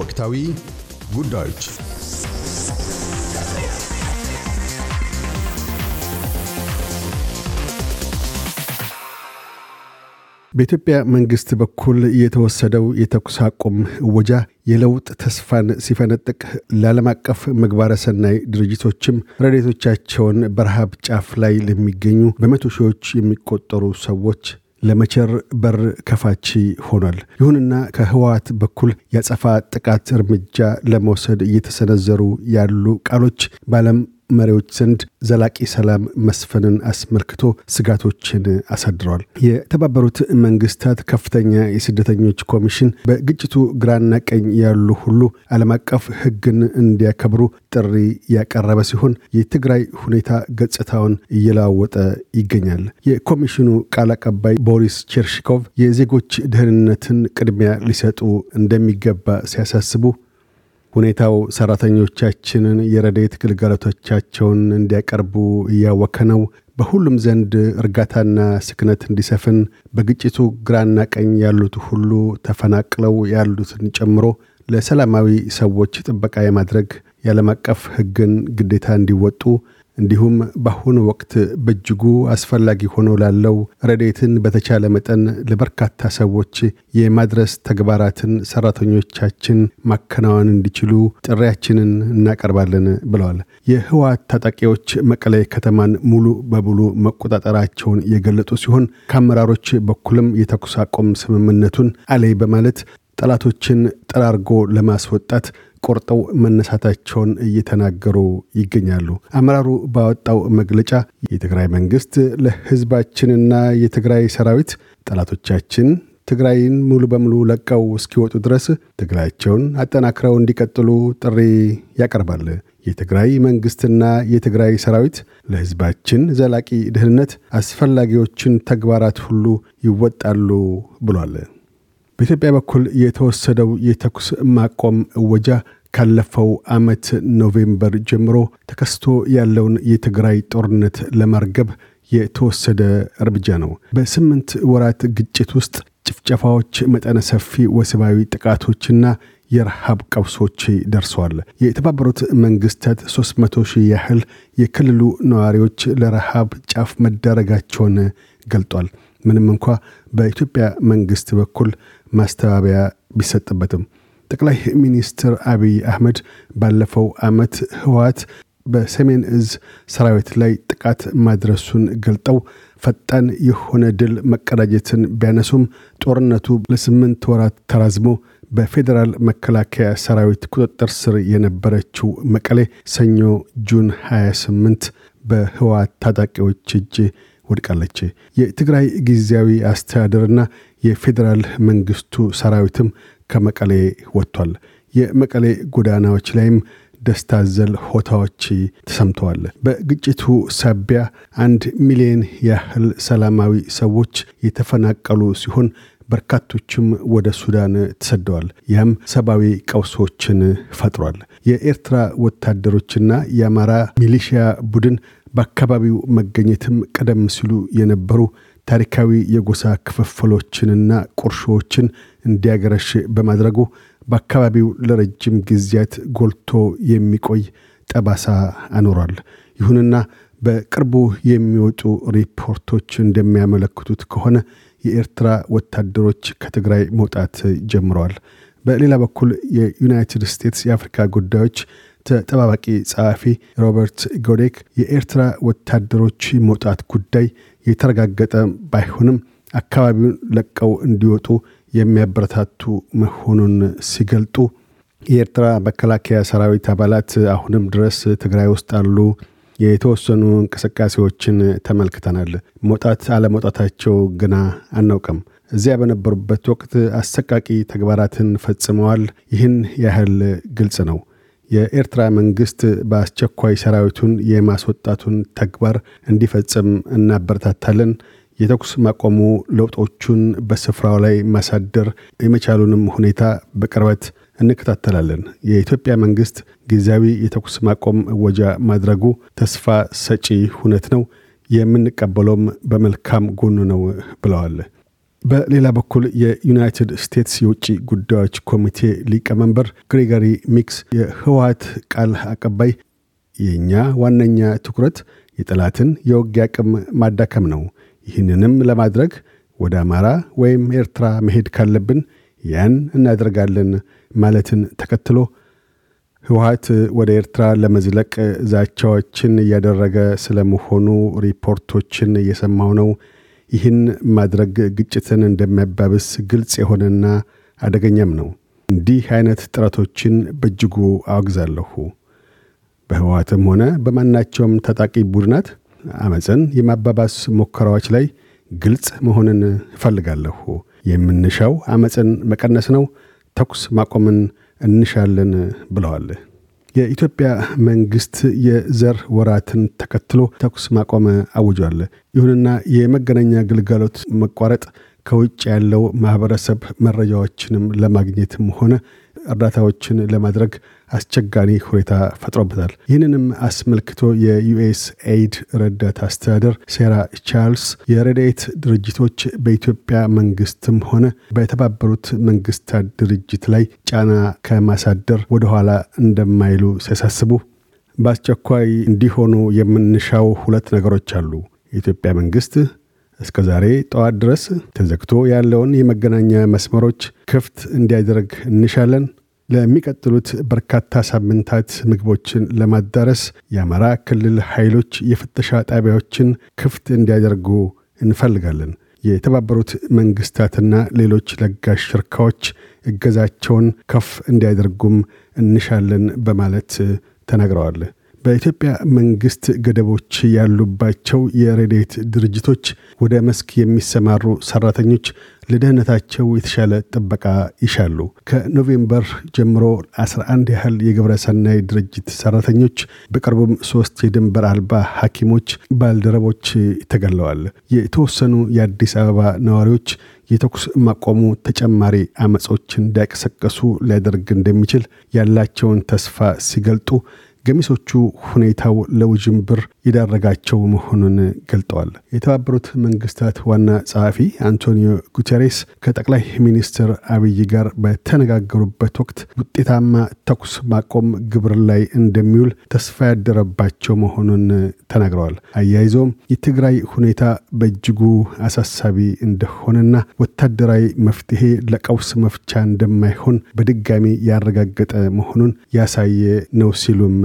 ወቅታዊ ጉዳዮች በኢትዮጵያ መንግስት በኩል የተወሰደው የተኩስ አቁም እወጃ የለውጥ ተስፋን ሲፈነጥቅ ለዓለም አቀፍ ምግባረ ሰናይ ድርጅቶችም ረዴቶቻቸውን በረሃብ ጫፍ ላይ ለሚገኙ በመቶ ሺዎች የሚቆጠሩ ሰዎች ለመቸር በር ከፋች ሆኗል። ይሁንና ከህወሓት በኩል ያጸፋ ጥቃት እርምጃ ለመውሰድ እየተሰነዘሩ ያሉ ቃሎች በዓለም መሪዎች ዘንድ ዘላቂ ሰላም መስፈንን አስመልክቶ ስጋቶችን አሳድረዋል። የተባበሩት መንግስታት ከፍተኛ የስደተኞች ኮሚሽን በግጭቱ ግራና ቀኝ ያሉ ሁሉ ዓለም አቀፍ ሕግን እንዲያከብሩ ጥሪ ያቀረበ ሲሆን የትግራይ ሁኔታ ገጽታውን እየለዋወጠ ይገኛል። የኮሚሽኑ ቃል አቀባይ ቦሪስ ቸርሽኮቭ የዜጎች ደህንነትን ቅድሚያ ሊሰጡ እንደሚገባ ሲያሳስቡ ሁኔታው ሰራተኞቻችንን የረዴት ግልጋሎቶቻቸውን እንዲያቀርቡ እያወከ ነው። በሁሉም ዘንድ እርጋታና ስክነት እንዲሰፍን በግጭቱ ግራና ቀኝ ያሉት ሁሉ ተፈናቅለው ያሉትን ጨምሮ ለሰላማዊ ሰዎች ጥበቃ የማድረግ የዓለም አቀፍ ሕግን ግዴታ እንዲወጡ እንዲሁም በአሁኑ ወቅት በእጅጉ አስፈላጊ ሆኖ ላለው ረዴትን በተቻለ መጠን ለበርካታ ሰዎች የማድረስ ተግባራትን ሰራተኞቻችን ማከናወን እንዲችሉ ጥሪያችንን እናቀርባለን ብለዋል። የህወሓት ታጣቂዎች መቀለይ ከተማን ሙሉ በሙሉ መቆጣጠራቸውን የገለጡ ሲሆን ከአመራሮች በኩልም የተኩስ አቁም ስምምነቱን አለይ በማለት ጠላቶችን ጠራርጎ ለማስወጣት ቆርጠው መነሳታቸውን እየተናገሩ ይገኛሉ። አመራሩ ባወጣው መግለጫ የትግራይ መንግስት ለህዝባችንና የትግራይ ሰራዊት ጠላቶቻችን ትግራይን ሙሉ በሙሉ ለቀው እስኪወጡ ድረስ ትግራያቸውን አጠናክረው እንዲቀጥሉ ጥሪ ያቀርባል። የትግራይ መንግስትና የትግራይ ሰራዊት ለህዝባችን ዘላቂ ደህንነት አስፈላጊዎችን ተግባራት ሁሉ ይወጣሉ ብሏል። በኢትዮጵያ በኩል የተወሰደው የተኩስ ማቆም እወጃ ካለፈው ዓመት ኖቬምበር ጀምሮ ተከስቶ ያለውን የትግራይ ጦርነት ለማርገብ የተወሰደ እርምጃ ነው። በስምንት ወራት ግጭት ውስጥ ጭፍጨፋዎች፣ መጠነ ሰፊ ወሲባዊ ጥቃቶችና የረሃብ ቀውሶች ደርሰዋል። የተባበሩት መንግስታት 300 ሺህ ያህል የክልሉ ነዋሪዎች ለረሃብ ጫፍ መዳረጋቸውን ገልጧል። ምንም እንኳ በኢትዮጵያ መንግስት በኩል ማስተባበያ ቢሰጥበትም ጠቅላይ ሚኒስትር አቢይ አህመድ ባለፈው ዓመት ህወት በሰሜን እዝ ሰራዊት ላይ ጥቃት ማድረሱን ገልጠው ፈጣን የሆነ ድል መቀዳጀትን ቢያነሱም ጦርነቱ ለስምንት ወራት ተራዝሞ በፌዴራል መከላከያ ሰራዊት ቁጥጥር ስር የነበረችው መቀሌ ሰኞ ጁን 28 በህወት ታጣቂዎች እጅ ወድቃለች። የትግራይ ጊዜያዊ አስተዳደርና የፌዴራል መንግስቱ ሰራዊትም ከመቀሌ ወጥቷል። የመቀሌ ጎዳናዎች ላይም ደስታ ዘል ሆታዎች ተሰምተዋል። በግጭቱ ሳቢያ አንድ ሚሊዮን ያህል ሰላማዊ ሰዎች የተፈናቀሉ ሲሆን በርካቶችም ወደ ሱዳን ተሰደዋል። ያም ሰብአዊ ቀውሶችን ፈጥሯል። የኤርትራ ወታደሮችና የአማራ ሚሊሺያ ቡድን በአካባቢው መገኘትም ቀደም ሲሉ የነበሩ ታሪካዊ የጎሳ ክፍፍሎችንና ቁርሾዎችን እንዲያገረሽ በማድረጉ በአካባቢው ለረጅም ጊዜያት ጎልቶ የሚቆይ ጠባሳ አኖሯል። ይሁንና በቅርቡ የሚወጡ ሪፖርቶች እንደሚያመለክቱት ከሆነ የኤርትራ ወታደሮች ከትግራይ መውጣት ጀምረዋል። በሌላ በኩል የዩናይትድ ስቴትስ የአፍሪካ ጉዳዮች ተጠባባቂ ጸሐፊ ሮበርት ጎዴክ የኤርትራ ወታደሮች መውጣት ጉዳይ የተረጋገጠ ባይሆንም አካባቢውን ለቀው እንዲወጡ የሚያበረታቱ መሆኑን ሲገልጡ የኤርትራ መከላከያ ሰራዊት አባላት አሁንም ድረስ ትግራይ ውስጥ አሉ። የተወሰኑ እንቅስቃሴዎችን ተመልክተናል። መውጣት አለመውጣታቸው ግና አናውቅም። እዚያ በነበሩበት ወቅት አሰቃቂ ተግባራትን ፈጽመዋል። ይህን ያህል ግልጽ ነው። የኤርትራ መንግስት በአስቸኳይ ሰራዊቱን የማስወጣቱን ተግባር እንዲፈጽም እናበረታታለን። የተኩስ ማቆሙ ለውጦቹን በስፍራው ላይ ማሳደር የመቻሉንም ሁኔታ በቅርበት እንከታተላለን። የኢትዮጵያ መንግስት ጊዜያዊ የተኩስ ማቆም እወጃ ማድረጉ ተስፋ ሰጪ ሁነት ነው፣ የምንቀበለውም በመልካም ጎኑ ነው ብለዋል። በሌላ በኩል የዩናይትድ ስቴትስ የውጭ ጉዳዮች ኮሚቴ ሊቀመንበር ግሪገሪ ሚክስ የህወሀት ቃል አቀባይ የእኛ ዋነኛ ትኩረት የጠላትን የውጊያ አቅም ማዳከም ነው። ይህንንም ለማድረግ ወደ አማራ ወይም ኤርትራ መሄድ ካለብን ያን እናደርጋለን ማለትን ተከትሎ ህወሀት ወደ ኤርትራ ለመዝለቅ ዛቻዎችን እያደረገ ስለመሆኑ ሪፖርቶችን እየሰማው ነው። ይህን ማድረግ ግጭትን እንደሚያባብስ ግልጽ የሆነና አደገኛም ነው። እንዲህ አይነት ጥረቶችን በእጅጉ አወግዛለሁ። በህወትም ሆነ በማናቸውም ታጣቂ ቡድናት አመፅን የማባባስ ሙከራዎች ላይ ግልጽ መሆንን እፈልጋለሁ። የምንሻው አመፅን መቀነስ ነው። ተኩስ ማቆምን እንሻለን ብለዋል። የኢትዮጵያ መንግስት የዘር ወራትን ተከትሎ ተኩስ ማቆመ አውጇል። ይሁንና የመገናኛ ግልጋሎት መቋረጥ ከውጭ ያለው ማህበረሰብ መረጃዎችንም ለማግኘትም ሆነ እርዳታዎችን ለማድረግ አስቸጋሪ ሁኔታ ፈጥሮበታል። ይህንንም አስመልክቶ የዩኤስ ኤድ ረዳት አስተዳደር ሴራ ቻርልስ የረድኤት ድርጅቶች በኢትዮጵያ መንግስትም ሆነ በተባበሩት መንግስታት ድርጅት ላይ ጫና ከማሳደር ወደኋላ እንደማይሉ ሲያሳስቡ በአስቸኳይ እንዲሆኑ የምንሻው ሁለት ነገሮች አሉ። የኢትዮጵያ መንግስት እስከ ዛሬ ጠዋት ድረስ ተዘግቶ ያለውን የመገናኛ መስመሮች ክፍት እንዲያደርግ እንሻለን። ለሚቀጥሉት በርካታ ሳምንታት ምግቦችን ለማዳረስ የአማራ ክልል ኃይሎች የፍተሻ ጣቢያዎችን ክፍት እንዲያደርጉ እንፈልጋለን። የተባበሩት መንግስታትና ሌሎች ለጋሽ ሽርካዎች እገዛቸውን ከፍ እንዲያደርጉም እንሻለን በማለት ተናግረዋል። በኢትዮጵያ መንግስት ገደቦች ያሉባቸው የሬዴት ድርጅቶች ወደ መስክ የሚሰማሩ ሰራተኞች ለደህንነታቸው የተሻለ ጥበቃ ይሻሉ። ከኖቬምበር ጀምሮ 11 ያህል የግብረ ሰናይ ድርጅት ሰራተኞች በቅርቡም ሶስት የድንበር አልባ ሐኪሞች ባልደረቦች ተገለዋል። የተወሰኑ የአዲስ አበባ ነዋሪዎች የተኩስ ማቆሙ ተጨማሪ አመጾች እንዳይቀሰቀሱ ሊያደርግ እንደሚችል ያላቸውን ተስፋ ሲገልጡ ገሚሶቹ ሁኔታው ለውዥንብር የዳረጋቸው መሆኑን ገልጠዋል። የተባበሩት መንግስታት ዋና ጸሐፊ አንቶኒዮ ጉቴሬስ ከጠቅላይ ሚኒስትር አብይ ጋር በተነጋገሩበት ወቅት ውጤታማ ተኩስ ማቆም ግብር ላይ እንደሚውል ተስፋ ያደረባቸው መሆኑን ተናግረዋል። አያይዞም የትግራይ ሁኔታ በእጅጉ አሳሳቢ እንደሆነና ወታደራዊ መፍትሄ ለቀውስ መፍቻ እንደማይሆን በድጋሚ ያረጋገጠ መሆኑን ያሳየ ነው ሲሉም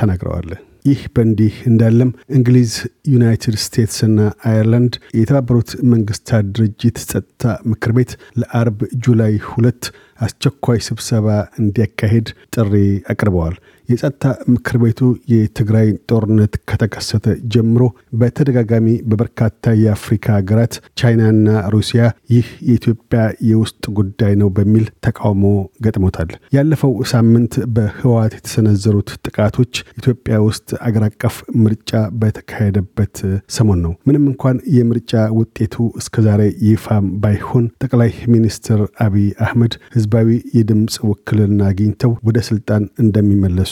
ተናግረዋል። ይህ በእንዲህ እንዳለም እንግሊዝ፣ ዩናይትድ ስቴትስ እና አየርላንድ የተባበሩት መንግስታት ድርጅት ጸጥታ ምክር ቤት ለአርብ ጁላይ ሁለት አስቸኳይ ስብሰባ እንዲያካሄድ ጥሪ አቅርበዋል። የጸጥታ ምክር ቤቱ የትግራይ ጦርነት ከተከሰተ ጀምሮ በተደጋጋሚ በበርካታ የአፍሪካ ሀገራት ቻይናና ሩሲያ ይህ የኢትዮጵያ የውስጥ ጉዳይ ነው በሚል ተቃውሞ ገጥሞታል። ያለፈው ሳምንት በህወት የተሰነዘሩት ጥቃቶች ኢትዮጵያ ውስጥ አገር አቀፍ ምርጫ በተካሄደበት ሰሞን ነው። ምንም እንኳን የምርጫ ውጤቱ እስከዛሬ ይፋም ባይሆን ጠቅላይ ሚኒስትር አቢይ አህመድ ህዝባዊ የድምፅ ውክልና አግኝተው ወደ ስልጣን እንደሚመለሱ